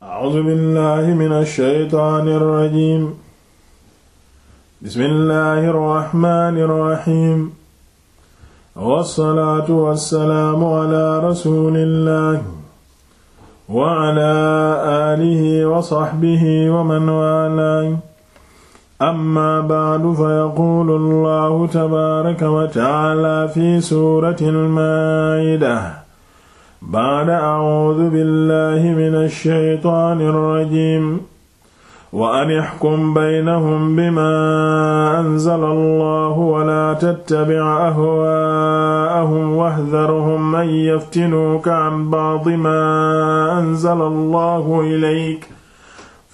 a'uuzu billahi mina shaytaani rajiim bismillahi rahmaani rahiim wassalaatu wassalaamu ala rasuulillahi wa ala aalihi wa sahbihi wa man waalaahu amma ba'du fa yaquulu allahu tabaaraka wa ta'aala fi suurati al-maa'ida baada audu billahi min alsheytaani alrajim wa an ixkum baynahum bima anzala allahu wala tattabic ahwaa'ahum waxdarhum an yaftinuuka can bacdi ma anzala allahu ilayk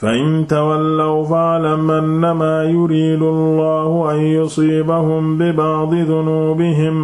fa in tawallaw faclam annamaa yuriidu allahu an yusiibahum bibacdi dunuubihim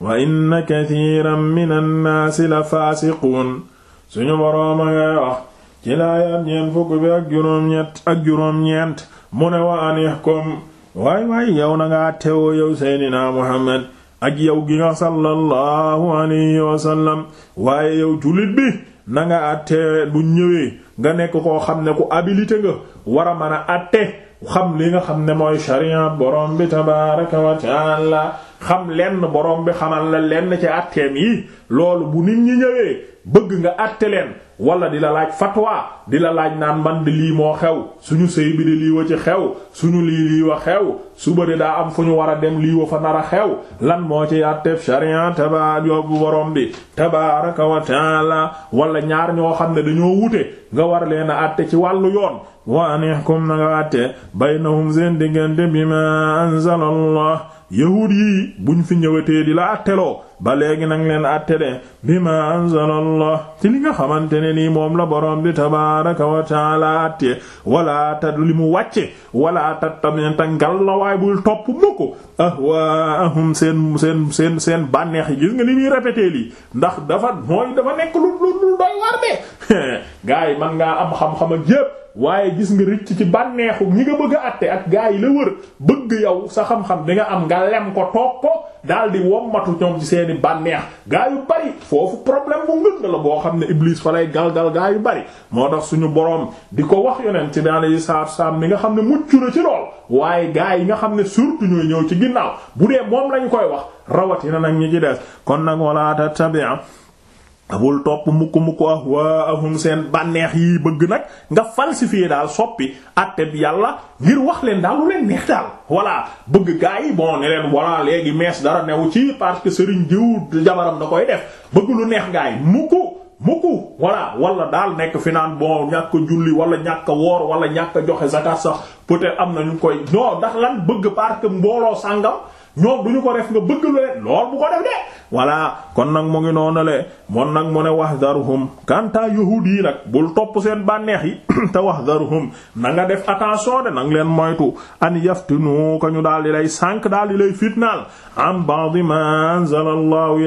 wa inna kathiran min annaasi la faasiquun suñu borooma ngay wax ci laayaat ñeent fukk bi ak juróom-ñett ak juróom-ñeent mu wa anihkum waay waay yow na ngaa teewoo yow seydinaa Muhammad ak yow gi nga sallallahu alayhi wa sallam waaye yow jullit bi na nga àtte bu ñëwee nga nekk koo xam ne ku habilité nga war a mën xam li nga xam ne moy sharia borom bi tabaaraka wa ta'ala xam lenn borom bi xamal la lenn ci àtteem yi loolu bu nit ñi ñëwee bëgg nga àtte leen wala di la laaj fatwa di la laaj naan man di lii moo xew suñu sëy bi di lii ci xew suñu lii lii wa xew su bëri daa am fu ñu war a dem lii wa fa nar a xew lan moo ci àtteeb sharia taba yobbu borom bi tabaaraka wa taala wala ñaar ñoo xam ne dañoo wute nga war leen a àtte ci wàllu yoon wa anihkum na nga àtte baynahum seen diggante bima anzalallah yahuud yii buñ fi ñëwatee di la atteloo ba léegi nag leen attele bi ma anzalallah ci li nga xamante ne nii moom la borom bi tabaaraka wa taala atte walaa tad li mu wàcce walaa tat tamnenta ngal waay bul topp mukk ahwaahum seen seen seen seen bànneex yi gis nga li muy répété lii ndax dafa mooy dafa nekk lu lu lu doy war de gaa yi man ngaa am xam-xam ak yépp waaye gis nga ricc ci bànneexu ñi nga bëgg a àtte ak gaa yi la wër bëgg yow sa xam-xam bi nga am nga lem ko toog ko daal di wommatu ñoom ci seeni bànneex gaa yu bari foofu problème bu ngënd la boo xam ne Iblis fa lay galgal gaa yu bari moo tax suñu boroom di ko wax yonent bi alayhi salaatu salaam mi nga xam ne mucc na ci lool waaye gaa yi nga xam ne surtout ñooy ñëw ci ginnaaw bu dee moom lañ koy wax rawatina nag ñi ci des kon nag a tabi'a bul topp mukk mukk ahwaahum seen bànneex yi bëgg nag nga falsifié daal soppi atteb yàlla ngir wax leen daal lu leen neex daal voilà bëgg gaa yi bon ne leen voilà léegi mees dara newu ci parce que sëriñ diw jabaram da koy def bëgg lu neex gaa yi mukk mukku walla wala daal nekk fi naan bon ñàkk julli wala ñàkk woor wala ñàkk joxe zakat sax peut-être am na ñu koy non ndax lan bëgg park que mbooloo sàngam ñoom du ñu ko def nga bëgg lu leen lool bu ko def de voilà kon nag mu ngi le moon nag mu ne wahdarhum kanta yahud yi nag bul topp seen bànneex yi te wahdarhum na nga def attention de nang leen moytu an yaftinu ko ñu daal di lay sànq daal di lay fitnaal am ba'd ma anzala allahu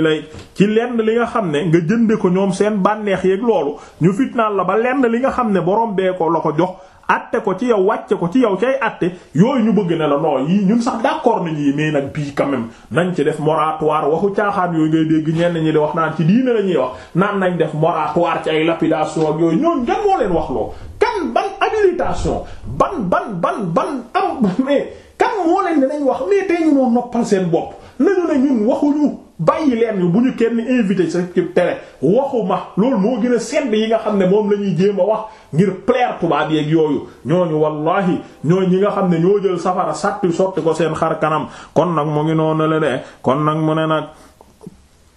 ci lenn li nga xam ne nga jënde ko ñoom seen bànneex yeeg loolu ñu fitnaal la ba lenn li nga xam ne borom bee ko la ko jox atte ko ci yow wàcce ko ci yow cay atte yooyu ñu bëgg ne la non yii ñun sax d'accord nañu yi mais nag bii quand même nañ ci def moratoire waxu caaxaan yooyu ngay dégg ñenn ñi di wax naan ci diine la ñuy wax naan nañ def moratoire ci ay lapidation ak yooyu ñoon gan moo leen wax loo kan ban habilitation ban ban ban ban am ah, mais kan moo leen dinañ wax mais tey ñu noo noppal seen bopp nañu ne ñun waxuñu bàyyi leen ñu bu ñu kenn invité sa cib télé waxuma loolu moo gën a sedd yi nga xam ne moom la ñuy jéem a wax ngir plaire tubaab yeeg yooyu ñooñu wallahi ñooñ ñi nga xam ne ñoo jël safara satti sotti ko seen xar kanam kon nag mu ngi noonu la de kon nag mu ne nag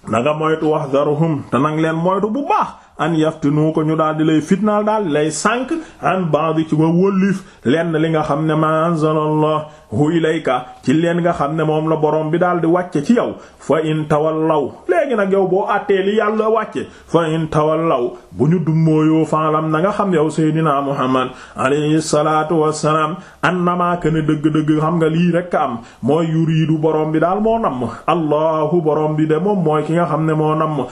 nanga moytu wax daruhum te nag leen moytu bu baax an yaftinu ko ñu daal di lay fitnaal daal di lay sànq an ba'd ci wa wëllif lenn li nga xam ne ma anzalallah hu ilayka ci leen nga xam ne moom la boroom bi daal di wàcce ci yow fa in law léegi nag yow boo àttee li yàlla wàcce fa in law bu ñu dummóoyoo faalam na nga xam yow seydinaa muhammad alayhi salaatu wassalaam annamaa kana dëgg-dëgg xam nga lii rekk am mooy yuriidu borom bi daal moo namm allahu borom bi de moom mooy ki nga xam ne moo namm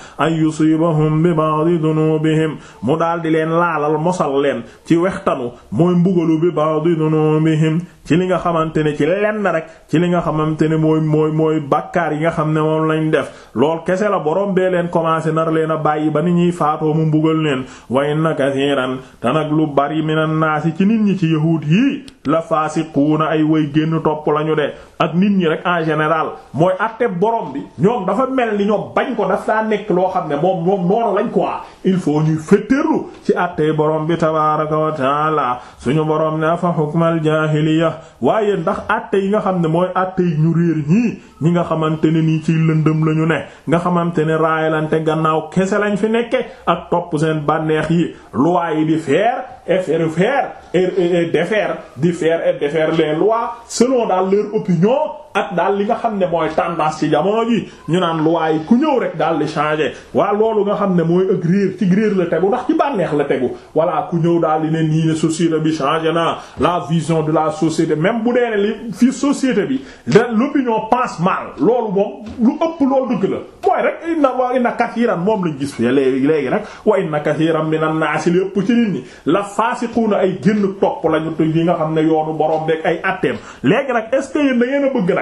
dunubihim mu daal di leen laalal mosal leen ci wextanu mooy mbugalu bi ba'di dunubihim ci li nga xamante ne ci lenn rek ci li nga xamante ne mooy mooy mooy bàkkaar yi nga xam ne moom lañ def lool kese la borom bee leen commencé nar leen a bàyyi ba ni ñuy faatoo mu mbugal leen wa inna kathiran te nag lu bari minan naasi ci nit ñi ci yahuud yi la faasiquuna ay way génn topp lañu de ak nit ñi rek en général mooy àtte borom bi ñoom dafa mel ni ñoo bañ ko daf daa nekk loo xam ne moom moom noonu lañ quoi il faut ñuy féttéerlu ci àtte borom bi tabaaraka wa suñu borom ne afa hukmal jaahiliya waaye ndax àtte yi nga xam ne mooy àtte yi ñu réer ñii ñi nga xamante ni nii ciy lëndëm lañu ne nga xamante ne raayalante gannaaw kese lañ fi nekke ak topp seen bànneex yi loi yi di faire faire et défaire les lois selon daal leur opinion ak daal li nga xam ne mooy tendance ci jamono ji ñu naan waaye ku ñëw rek daal di changer waa loolu nga xam ne mooy ak réer ci réer la tegu ndax ci bànneex la tegu voilà ku ñëw daal di ne nii ne société bi changer na la vision de la société même bu dee ne li fi société bi l'opinion pense mal loolu moom lu ëpp loolu dëgg la mooy rek inna wa inna kathiran moom lañ gis fii léegi léegi nag wa inna kathiran minan naasi lépp ci nit ñi la faasiquna ay génn topp lañu te yi nga xam ne yoonu borom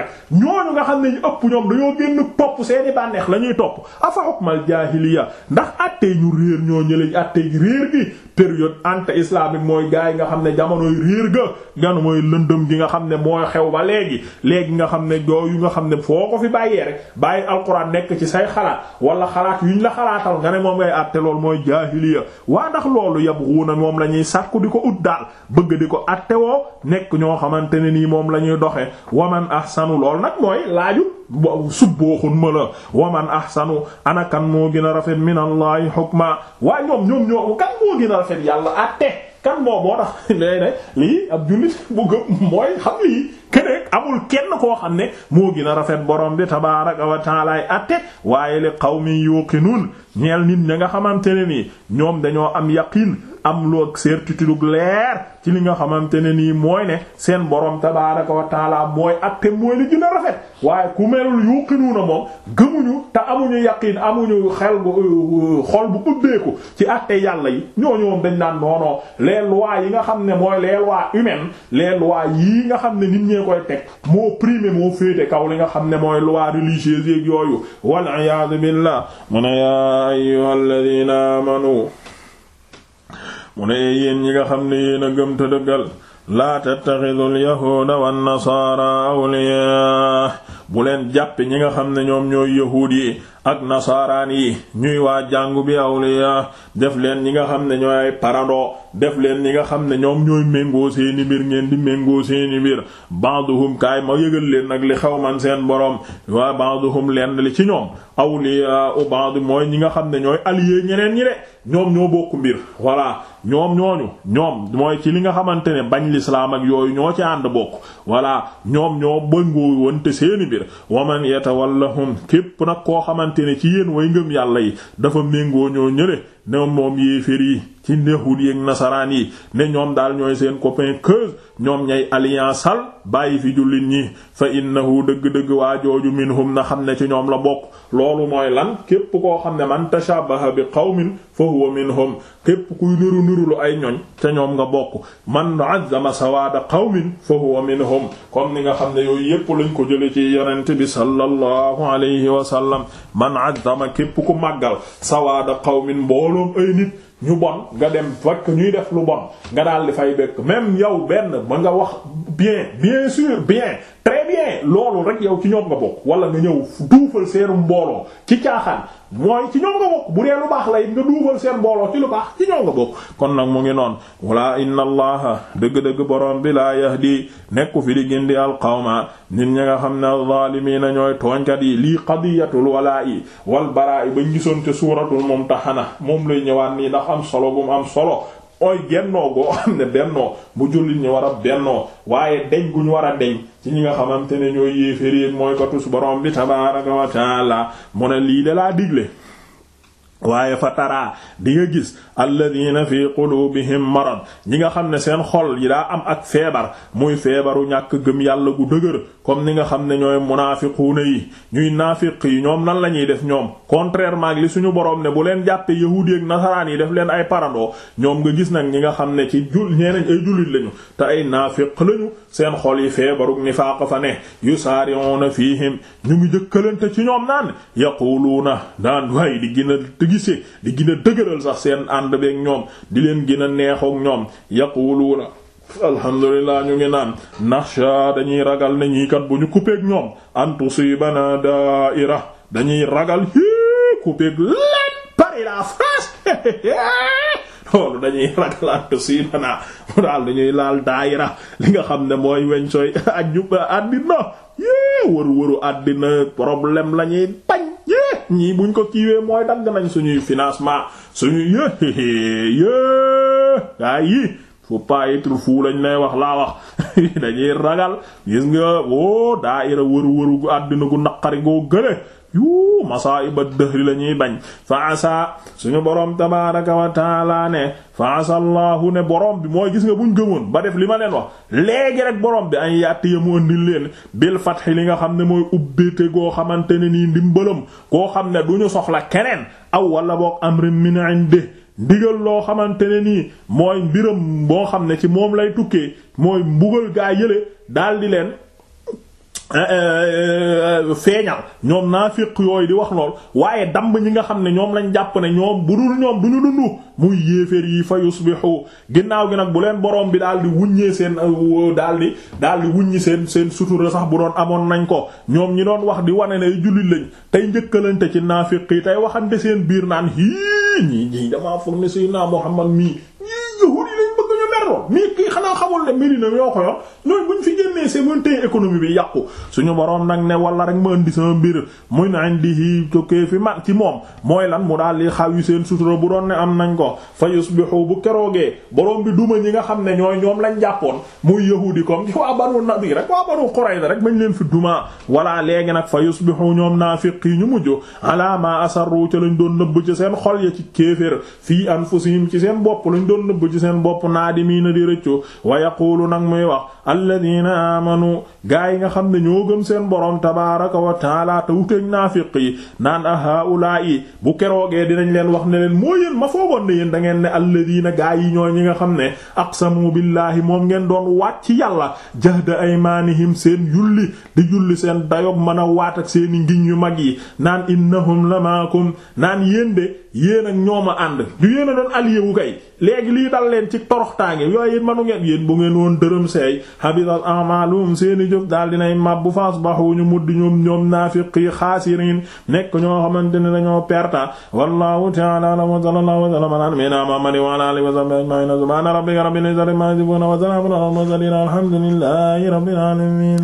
a nag ñooñu nga xam ne ñu ëpp ñoom dañoo génn topp seeni bànneex la ñuy topp afa hukmal jaahiliya ndax àttee ñu réer ñoo ñële àttee réer gi période anti-islamique mooy gaay nga xam ne jamonoy réer ga gan mooy lëndëm gi nga xam ne mooy xew ba léegi léegi nga xam ne yooyu nga xam ne foo ko fi bàyyee rek bàyyi alxuraan nekk ci say xalaat wala xalaat yuñ la xalaatal nga ne moom ngay àtte loolu mooy jaahiliya waa ndax loolu yabghuna moom la ñuy sàkku ut daal bëgg ko àtte nekk ñoo xamante ne nii moom la ñuy doxe ahsanu lool nag mooy laaju subbooxun ma la waman ahsanu ana kan moo gën a rafet min allahi hukma waaye ñoom ñoom ñoo kan moo a rafet yàlla atte kan moo boo lii ab jullit bu gëm mooy xam lii kene amul kenn koo xam ne moo gën a rafet borom bi tabaaraka wa taala ay atte waaye li qawmi yuqinuun ñeel nit ña nga xamante ne nii ñoom dañoo am yaqiin am lu ak certitude gu leer ci li nga xamante ne nii mooy ne seen boroom tabaaraka wa mooy atte mooy li gën a rafet waaye ku melul yuqinuuna moom gëmuñu te amuñu yaqiin amuñu xel bu euh, xol bu ubbeeku ci atte yàlla yi ñooñu moom dañ naan noonoo les lois yi nga xam ne mooy les lois humaines ñu koy teg moo primé moo féete kaw li nga xam ne mooy loi religieuse yeeg yooyu wal iyaadu billah mu ne yaa ayyuhal ladina amanu mu ne ñi nga xam ne yéen a gëm te dëggal laa tattaxidul yahuuda wan nasaara awliyaa bu leen jàppe ñi nga xam ne ñoom ñooy yahuud yi ak nasaaraan yi ñuy waa jàngu bi awliya def leen ñi nga xam ne ñooy ay def leen ñi nga xam ne ñoom ñooy méngoo seeni mbir ngeen di méngoo seeni mbir ba'duhum kaay ma yëgal leen nag li xew man seen borom waa ba'duhum leen li ci ñoom awliya u ba'd mooy ñi nga xam ne ñooy allié ñeneen ñi ñoom ñoo bokk mbir voilà ñoom ñoom mooy ci li nga xamante ne bañ lislaam ak yooyu ñoo ci ànd bokk voilà ñoom ñoo bëngoo wonte seeni mbir waman yatawallahum képp nag ko xamante xamante ci yéen way ngëm yàlla yi dafa méngoo ñoo ñële ne moom yéeféer yi ci yahud yi ak nasaraan yi ne ñoom daal ñooy seen copain keuse ñoom ñay alliance al bàyyi fi jullit ñi fa innahu dëgg-dëgg waa jooju minhum na xam ne ci ñoom la bokk loolu mooy lan képp koo xam ne man tashabaha bi qawmin fa huwa minhum képp kuy niru niru ay ñoñ ca ñoom nga bokk man azzama sawaada qawmin fa huwa minhum comme ni nga xam ne yooyu yépp lañ ko jële ci yonent bi sallallahu alayhi wa sallam man azzama képp ku màggal sawaada qawmin mbooloom ay nit ñu bon nga dem fekk ñuy def lu bon nga daal di fay bekk même yow benn ba nga wax bien bien sûr bien bien loolu rek yow ci ñoom nga bokk wala nga ñëw duufal seen mbooloo ci caaxaan mooy ci ñoom nga bokk bu dee lu baax la it nga duufal seen mbooloo ci lu baax ci ñoom nga bokk kon nag mu ngi noonu wala inna allaha dëgg-dëgg borom bi laa yahdi nekku fi di gindi alqawma nit ñi nga xam ne alzaalimiina ñooy tooñkat yi lii qadiyatul walaa'i wal baraa'i bañ gisoon te suuratul mumtahana moom lay ñëwaat nii ndax am solo bu mu am solo ooy gennoo goo xam ne bennoo bu jullit ñu war a bennoo waaye deñ guñ war a deñ ci ñi nga xamante ne ñooy yéeféréen mooy ko tus borom bi tabaaraka wa taala mu ne lii de laa digle waaye fa taraa di nga gis alladina fi qulubihim marad ñi nga xam ne seen xol yi daa am ak feebar muy feebaru ñàkk gëm yàlla gu dëgër comme ni nga xam ne ñooy munaafiquuna yi ñuy naafiq yi ñoom nan la ñuy def ñoom contrairement li suñu boroom ne bu leen jàppee yahuudi ak nasaraan yi def leen ay parandoo ñoom nga gis nag ñi nga xam ne ci jul ñeenañ ay jullit lañu te ay naafiq lañu seen xol yi feebaru nifaaq fa ne yusaari'una fihim ñu ngi jëkkalante ci ñoom naan gisee di gën a dëgëral sax seen ànd beeg ñoom di leen gën neexook ñoom yaquluuna alhamdulilah ñu ngi naan naxsha dañuy ragal ne ñii kat bu ñu coupeek ñoom an tusibana da'ira dañuy ragal hii coupeek lan Paris la France loolu dañuy ragal an tusibana mu daal dañuy laal daayira li nga xam ne mooy weñ sooy ajju àddina yée wër wëru àddina problème lañuy bañ ñii buñ ko kiiwee mooy dagg nañ suñuy financement suñuy yé yé gaa yi faut pas être fou lañ lay wax laa wax dañuy ragal gis nga woo daa ira wëru wëru gu àddina gu naqari goo gële yuu masaa'iba dëhri la ñuy bañ fa asa suñu boroom tabaaraka wa taala ne fa asa allahu ne borom bi mooy gis nga buñ gëmoon ba def li ma leen wax léegi rek boroom bi ay yàtt ya mu ëndil leen bil fatxi li nga xam ne mooy ubbite goo xamante ne nii ndimbalam koo xam ne du ñu soxla keneen aw wala boog amrin min indi ndigal loo xamante ne nii mooy mbiram boo xam ne ci moom lay tukkee mooy mbugal gaa yële daldi leen Eh, eh, eh, feeñal ñoom naafiq yooyu di wax lool waaye damb ñi nga xam ne ñoom lañ jàpp ne ñoom bu dul ñoom du ñu dundu muy yéeféer yi fa yusbihu ginnaaw gi nag bu leen borom bi daal di wuññee seen daal di daal di wuññi seen seen sutura sax bu doon amoon nañ ko ñoom ñi doon wax di wane ne jullit lañ tey njëkkalante ci naafiq yi tey waxante seen biir naan hii ñii ñii damaa foog ne Seydina Muhammad mii ñii yahuudi lañ lool mais kii xanaa xamul ne Medina yoo ko yor ñooñu buñ fi génnee seen mën tey économie bi yàqu suñu boroom nag ne wala rek ma indi sama mbir muy na indi tokkee fi ma ci moom mooy lan mu daal li xaw yi seen sutura bu doon ne am nañ ko fa yusbihu bu keroogee boroom bi duma ñi nga xam ne ñooy ñoom lañ jàppoon muy yahuudi comme ci waa Banu Nadir rek waa Banu Qurayza rek mañ leen fi duma wala léegi nag fa yusbihu ñoom naafiq yi ñu mujj ala ma asarru ca lañ doon nëbb ci seen xol ya ci kéefër fii anfusihim ci seen bopp lañ doon nëbb ci seen bopp naadimi na di rëccu wa yaqulu nag muy wax alladina amanu gaa yi nga xam ne ñoo gëm seen borom tabaaraka wa taala te wuteeg naafiq yi naan a ah haulaa yi bu keroogee dinañ leen wax ne leen moo yéen ma foogoon ne yéen da ngeen ne alladina gaa yi ñoo ñi nga xam ne aqsamu billahi moom ngeen doon waat ci yàlla jahda aymanihim seen yulli di julli seen dayob mën a waat ak seen ngiñ yu mag yi naan innahum lamaakum naan yéen de yéen ak ñoom a ànd du yéen a doon allié kay léegi lii dal leen ci toroxtaange yooyu it manu ngeen yéen bu ngeen woon dërëm seey habitat a'maluhum seeni jëf daal dinay mabbu fasbahu ñu mudd ñoom ñoom naafiqi xaasiriin nekk ñoo xamante ne dañoo perta wallahu ta'ala wa sallallahu wa sallama ala nabiyyina muhammadin wa ala alihi wa sahbihi ajma'in subhana rabbika rabbil izzati amma yasifun wa salamun ala al mursalin alhamdulillahi rabbil alamin